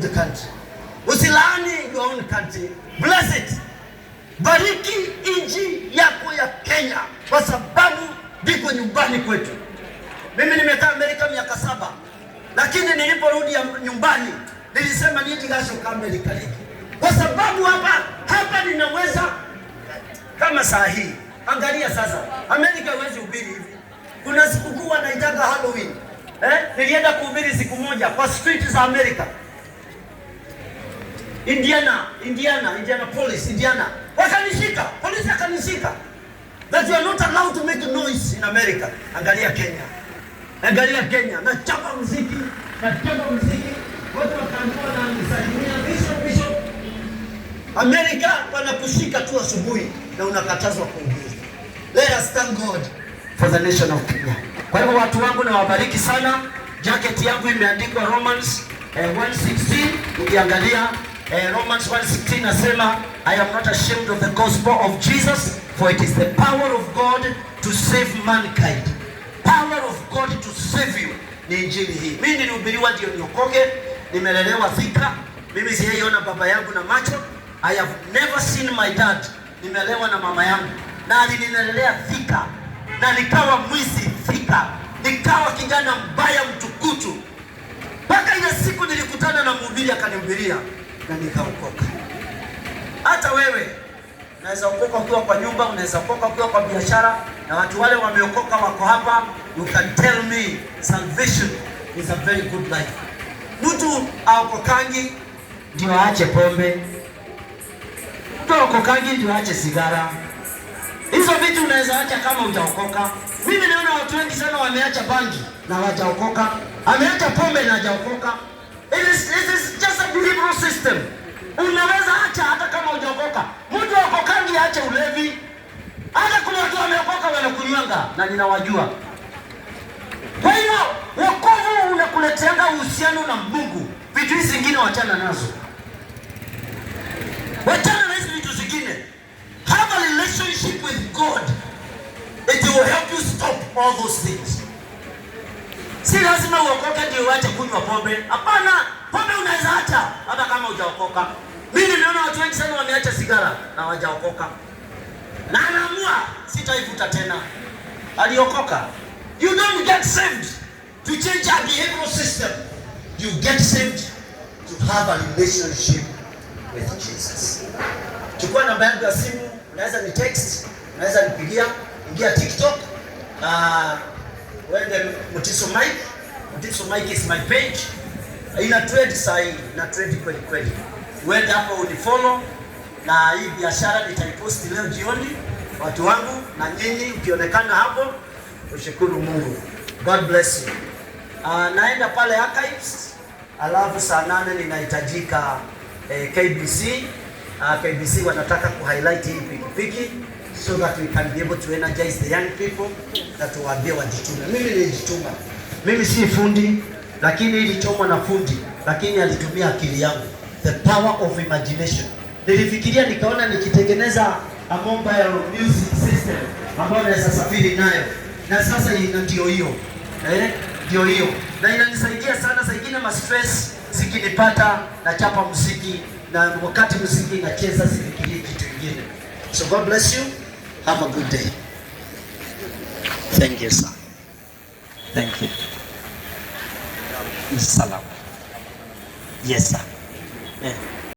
the country. Usilaani your own country. Bless it. Bariki nchi yako ya Kenya kwa sababu ndiko nyumbani kwetu. Mimi nimekaa Amerika miaka saba, lakini niliporudi nyumbani nilisema nijigashoka Amerika liki kwa sababu hapa hapa ninaweza kama saa hii. Angalia sasa, Amerika huwezi ubiri hivi. Kuna sikukuu wanaitaga Halloween. Eh? Nilienda kuhubiri siku moja kwa street za Amerika. Indiana, Indiana, Indiana police, Indiana. Wakanishika, polisi akanishika. That you are not allowed to make noise in America. Angalia Kenya. Angalia Kenya. Na chapa muziki, na chapa muziki. Watu wakaambiwa na msalimia bishop bishop. America wanakushika tu asubuhi na unakatazwa kuhubiri. Let us thank God for the nation of Kenya. Kwa hivyo watu wangu nawabariki sana. Jacket yangu imeandikwa Romans eh, 116 ukiangalia Eh, Romans 1:16 nasema I am not ashamed of the gospel of Jesus for it is the power of God to save mankind. Power of God to save you ni injili hii. Mimi nilihubiriwa ndio niokoke, nimelelewa Thika. Mimi sijaiona baba yangu na macho. I have never seen my dad. Nimelewa na mama yangu na alinilelea Thika na nikawa mwizi Thika, nikawa kijana mbaya mtukutu, mpaka ile siku nilikutana na mhubiri akanihubiri na nikaokoka. Hata wewe unaweza okoka ukiwa kwa nyumba, unaweza okoka ukiwa kwa biashara, na watu wale wameokoka wako hapa. You can tell me salvation is a very good life. Mtu aokokangi ndio aache pombe, mtu aokokangi ndio aache sigara. Hizo vitu unaweza acha kama hujaokoka. Mimi naona watu wengi sana wameacha bangi na hawajaokoka, ameacha pombe na hajaokoka. It is, it is delivery system. Unaweza acha hata kama hujaokoka. Mtu aokokangi aache ulevi. Hata kuna watu wameokoka wanakunywanga na ninawajua. Kwa hiyo wokovu unakuleteanga uhusiano na Mungu. Vitu hizi zingine wachana nazo. Wachana na hizi vitu zingine. Have a relationship with God. It will help you stop all those things. Si lazima uokoke ndio uache kunywa pombe. Hapana. Kumbe unaweza acha hata kama hujaokoka. Mimi niliona watu wengi sana wameacha sigara na hawajaokoka, na anaamua sitaivuta tena, aliokoka. You don't get saved to change our behavioral system, you get saved to have a relationship with Jesus. Chukua namba yangu ya simu, unaweza ni text, unaweza nipigia, ingia TikTok uh, wende Mutiso Mike. Mutiso Mike is my page ina trade sahihi na trade kweli kweli. Uende hapo unifollow, na hii biashara nitaiposti leo jioni, watu wangu na nyinyi. Ukionekana hapo, ushukuru Mungu, God bless you. Uh, naenda pale archives, alafu saa nane ninahitajika eh, KBC uh, ah, KBC wanataka ku highlight hii pikipiki so that we can be able to energize the young people that tuwaambie wajitume. Mimi nilijituma, mimi si fundi lakini ilichomwa na fundi, lakini alitumia akili yangu, the power of imagination. Nilifikiria nikaona nikitengeneza a mobile music system ambayo naweza safiri nayo, na sasa ina ndio hiyo eh, ndio hiyo, na inanisaidia sana. Saa ingine ma stress sikinipata, chapa muziki, na wakati muziki inacheza sifikirie kitu kingine. So God bless you, have a good day. Thank you sir. Thank you ni salama. Yes sir. Eh.